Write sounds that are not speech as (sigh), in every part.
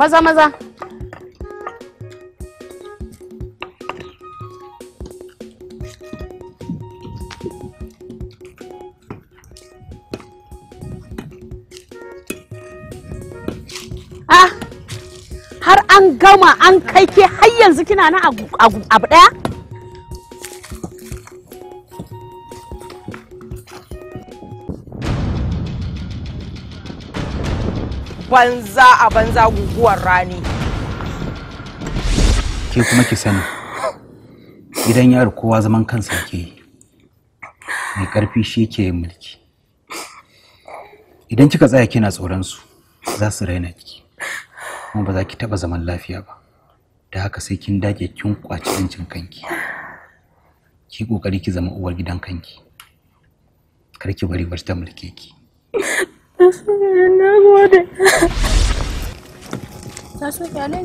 maza maza ah, har an gama an kai ke har yanzu kina na abu daya banza a banza guguwar rani ke kuma ki sani gidan yaro kowa zaman kansa ke yi mai karfi shi ke mulki idan kika tsaya kina tsoron su za su raina ki kuma ba za ki taba zaman lafiya ba da haka sai kin dage kin kwaci yancin kanki ki kokari ki zama uwar gidan kanki kar ki bari ta mulke ki چشم (laughs) در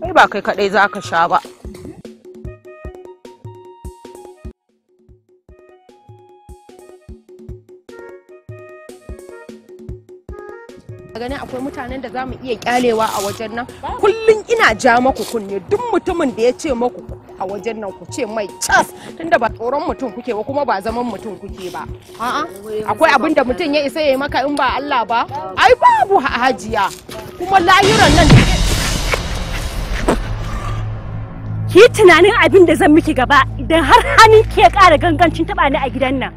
ai ba kai kadai za ka sha ba ganin akwai mutanen da za mu iya kyalewa a wajen nan kullum ina ja maku kunne duk mutumin da ya ce maku a wajen nan ku ce mai cas tunda ba tsoron mutum kuke ba kuma ba zaman mutum kuke ba a'a akwai abin da mutum ya isa ya yi maka in ba Allah ba ai babu hajiya kuma lahiran nan ki tunanin abin da zan miki gaba idan har hannu ke ƙara gangancin taɓa ni a gidan nan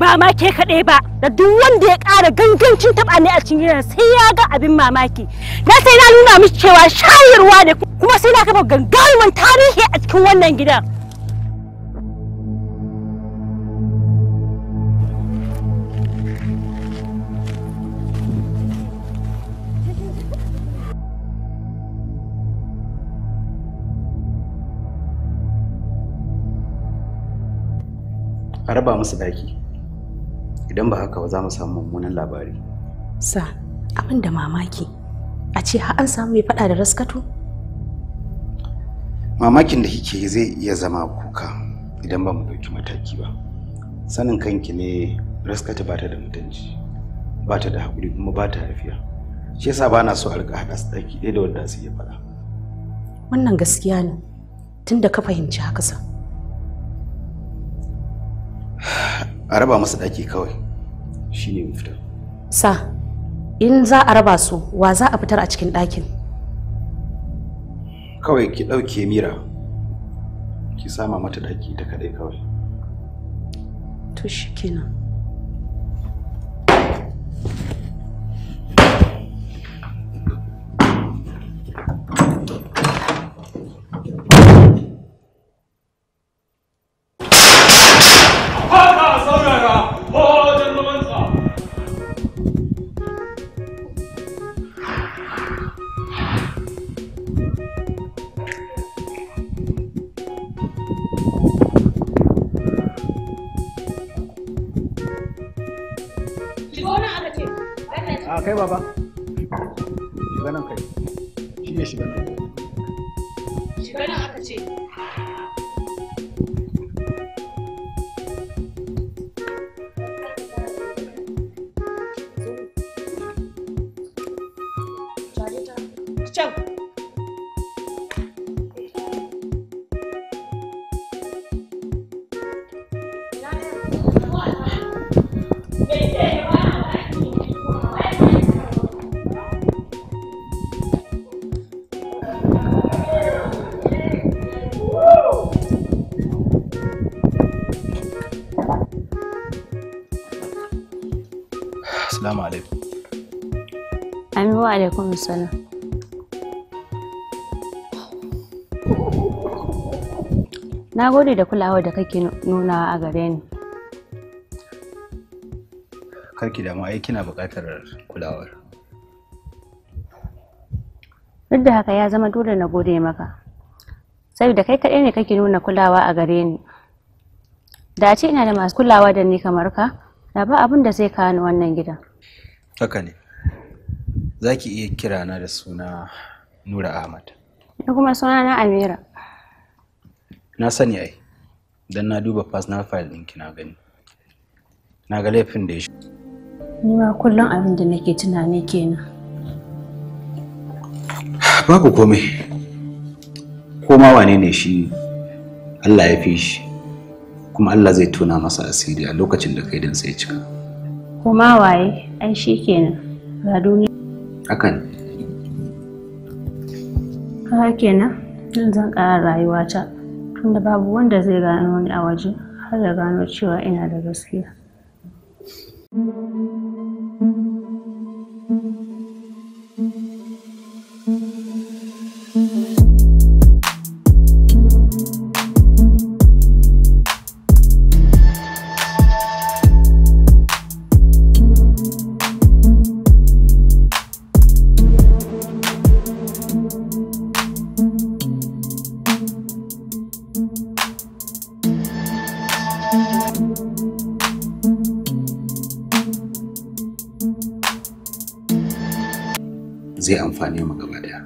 ba ma ke kaɗai ba da duk wanda ya ƙara gangancin taɓa ni a cikin gidan sai ya ga abin mamaki na sai na nuna miki cewa shayarwa ne kuma sai na kafa gangarumin tarihi a cikin wannan gidan Ka raba musu daki idan ba haka ba za mu samu mummunan labari sa abin da mamaki a ce har an samu mai faɗa da raskatu mamakin da kike zai iya zama kuka idan ba mu ɗauki mataki ba sanin kanki ne raskatu ba ta da mutunci ba ta da haƙuri kuma ba ta lafiya shi yasa ba na so a riƙa haɗa su ɗaki ɗaya da wanda su iya faɗa wannan gaskiya ne tunda ka fahimci haka sa a raba masa ɗaki kawai shine mafita sa in za a raba su wa za a fitar a cikin ɗakin kawai ki ɗauke mira ki sama mata ɗaki ta kaɗai kawai to shikenan zuwa ba shiga nan kai shi ne shiga nan shiga nan aka ce assalamu alaikum amin wa alaikum assalam na gode da kulawar da kake nuna a gare ni karki damu ai kina buƙatar kulawar duk da haka ya zama dole na gode maka saboda kai kaɗai ne kake nuna kulawa a gare ni da ce ina da masu kulawa da ni kamar ka da ba abin da zai kawo ni wannan gidan haka ne za ki iya kira na da suna nura ahmad da kuma suna na amira na sani ai don na duba personal file ɗinki na gani na ga laifin da ya shi ni ma kullum abin da nake tunani kenan babu komai ko ma wane ne shi Allah ya fi shi kuma Allah zai tona masa asiri a lokacin da kai din sai cika Kuma waye, an shi kenan, ga duniya. akan Ka kenan, zan ƙara rayuwata, tunda babu wanda zai gano ni a waje har da gano cewa ina da gaskiya. zai amfane mu gaba daya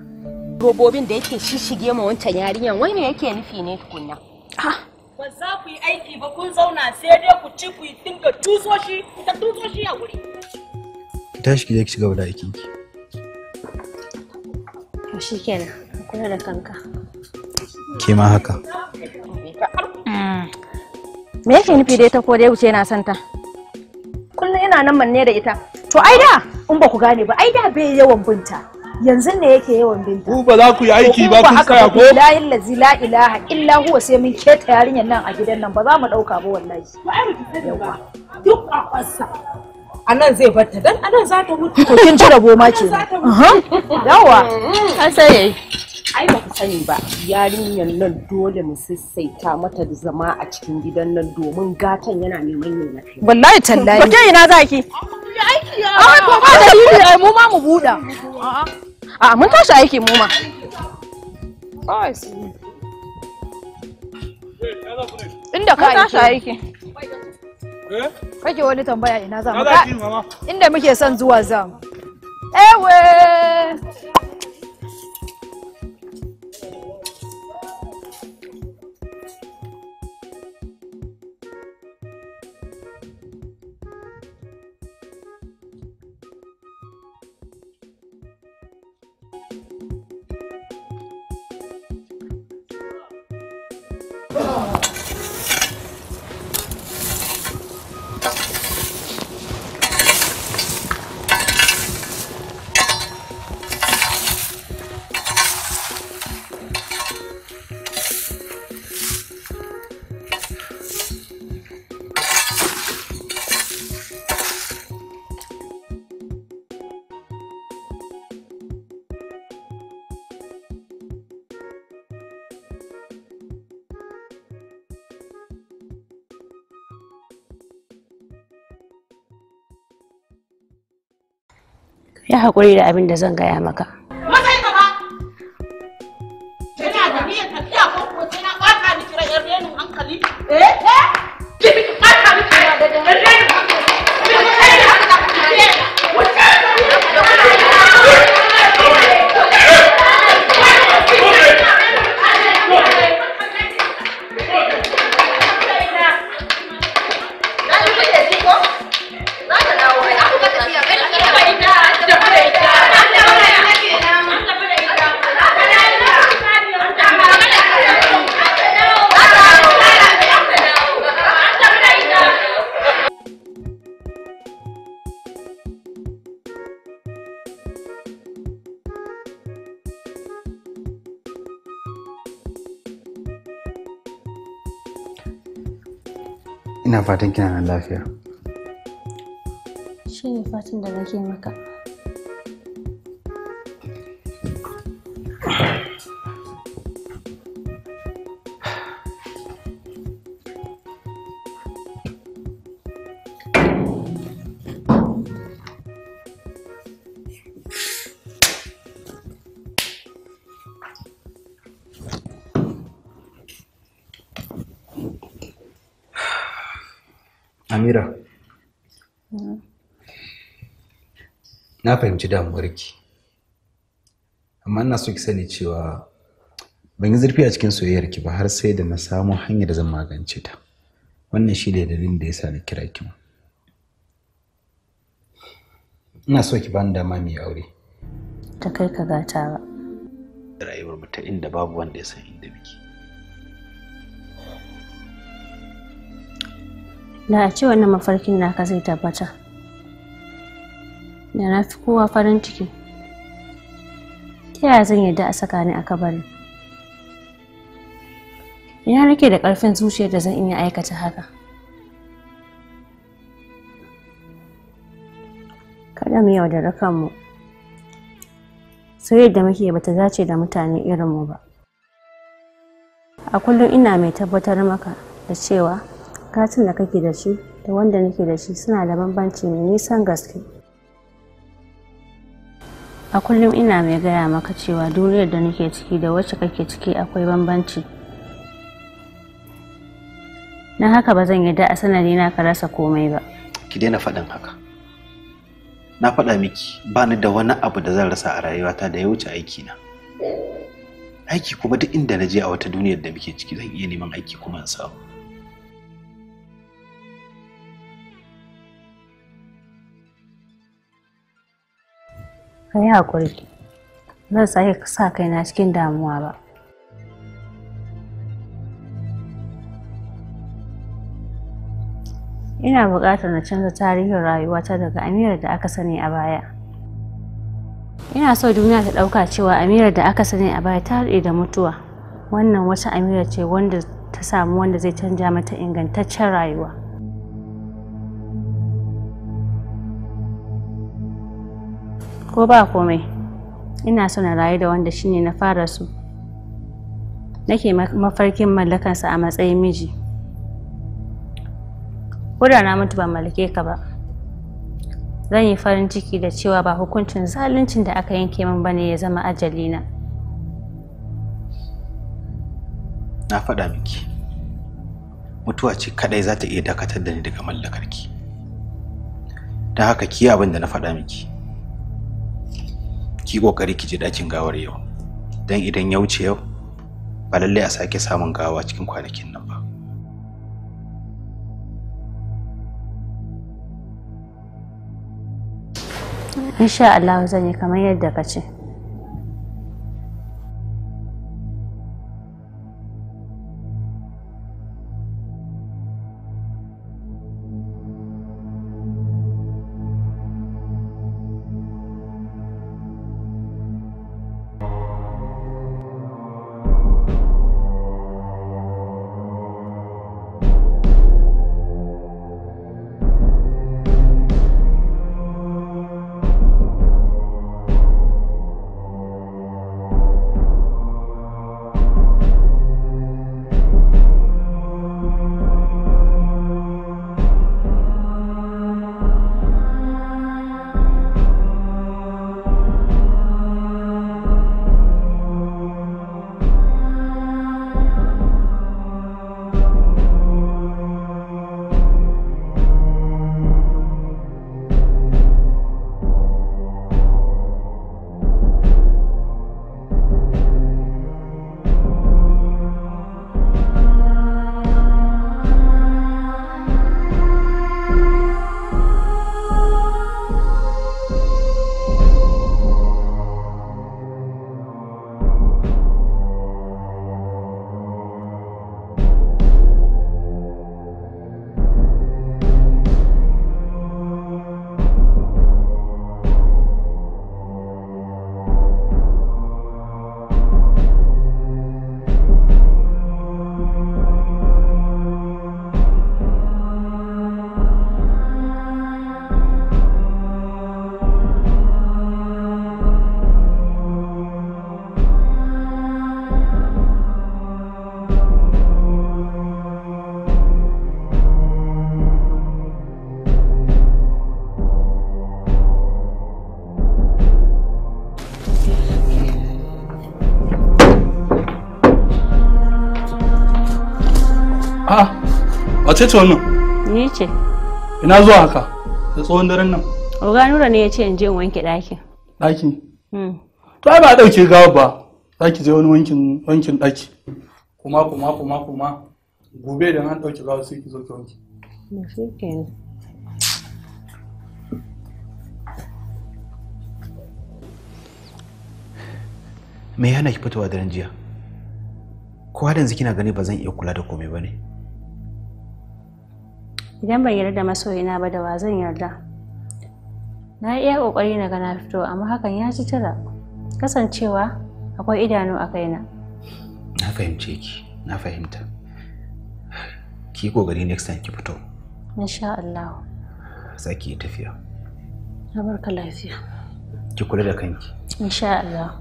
robobin da yake shishige ma wancan yarinyan wai ne yake nufi ne tukunna ah. ba za ku yi aiki ba kun zauna sai dai ku ci ku dinga tuzo shi ta tuzo shi a wuri ki tashi ki je ki da aikin ki to kenan kula da kanka ke ma haka hmm. me yake nufi dai ta ko dai wuce na santa kullum ina nan manne da ita to ai da in ba ku gane ba ai da bai yawan binta yanzu ne yake yawan binta ku ba za ku yi aiki ba kun tsaya ko billahi allazi la ilaha illa huwa sai mun keta yarinyan nan a gidan nan ba za mu dauka ba wallahi ba ba duk a kwasa a nan zai barta dan a nan za ta mutu ko kin jira goma ke yawa an sai ai ba ku sani ba yarinyan nan dole mu sassaita mata da zama a cikin gidan nan domin gatan yana neman yana wallahi tallahi ba ke ina zaki Ai mu ma mu buɗa. A'a. mun tashi aiki mu ma. Inda ka tashi aiki. Eh? Kake wani tambaya ina za mu. Inda muke son zuwa za mu. Ewe. ya haƙuri da abin da zan gaya maka fatan kina nan lafiya shi ne fatan da nake maka Amira, mm. na fahimci damuwarki, amma ina so ki sani cewa ban yi zurfi a cikin soyayyarki ba har sai da na samu hanyar zan magance ta. Wannan shi ne dalilin da ya sa na kira ki. Ina so ki bani dama mai aure. Ta kai ka gata ba. Rayuwar mu ta inda babu wanda ya san inda muke. da a ce wannan mafarkin naka zai tabbata da na fi kowa farin ciki yaya zan yadda a saka ni a kabari ina nake da ƙarfin zuciyar da zan iya aikata haka kada mu yaudara kanmu sai da muke bata dace da mutane irinmu ba a kullum ina mai tabbatar maka da cewa katin da kake da shi da wanda nake da shi suna da bambanci mai nisan gaske a kullum ina mai gaya maka cewa duniyar da nake ciki da wacce kake ciki akwai bambanci na haka ba zan yarda a sanari na ka rasa komai ba ki daina faɗin haka na faɗa miki ba ni da wani abu da zan rasa a rayuwata da ya wuce aiki na aiki kuma duk inda na je a wata duniyar da muke ciki zan iya neman aiki kuma in samu ka yi haƙuri zan sake sa kaina cikin damuwa ba ina buƙatar na canza tarihin rayuwata daga amira da aka sani a baya ina so duniya ta ɗauka cewa amirar da aka sani a baya ta haɗe da mutuwa wannan wata amira ce wanda ta samu wanda zai canja mata ingantaccen rayuwa ko ba komai ina so na rayu da wanda shine na fara su nake mafarkin mallakansa a matsayin miji koda na mutu ba mallake ka ba zan yi farin ciki da cewa ba hukuncin zaluncin da aka yanke min bane ya zama ajalina na faɗa miki mutuwa ce kadai za ta iya dakatar da ni daga mallakarki don haka ki abin da na faɗa miki ki kokari ki je dakin gawar yau dan idan ya wuce yau ba lallai a sake samun gawa cikin kwanakin nan ba insha Allah zan yi kamar yadda ka ce a ah, wace ce wannan ni ce ina zuwa haka da tsohon daren nan oga nura ne ya ce in je in wanke ɗakin ɗakin hmm. to ai ba a ɗauke gawa ba za ki je wani wankin wankin ɗaki kuma kuma kuma kuma gobe da an ɗauke gawa sai ki zo ki wanke me yana ki fitowa daren jiya ko har yanzu kina gani ba zan iya kula da komai ba ne idan ban yarda masoyina ba da wa zan yarda na iya kokari na gana fito amma hakan ya ci tara. kasancewa akwai idanu a kaina na fahimce ki na fahimta ki ƙoƙari next time ki fito insha Allah za ki yi tafiya na barka lafiya ki kula da kanki insha Allah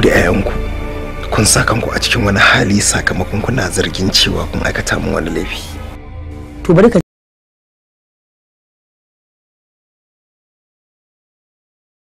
ku da 'ya'yanku kun sa kanku a cikin wani hali sakamakon kuna zargin cewa kun aikata min wani laifi to bari ka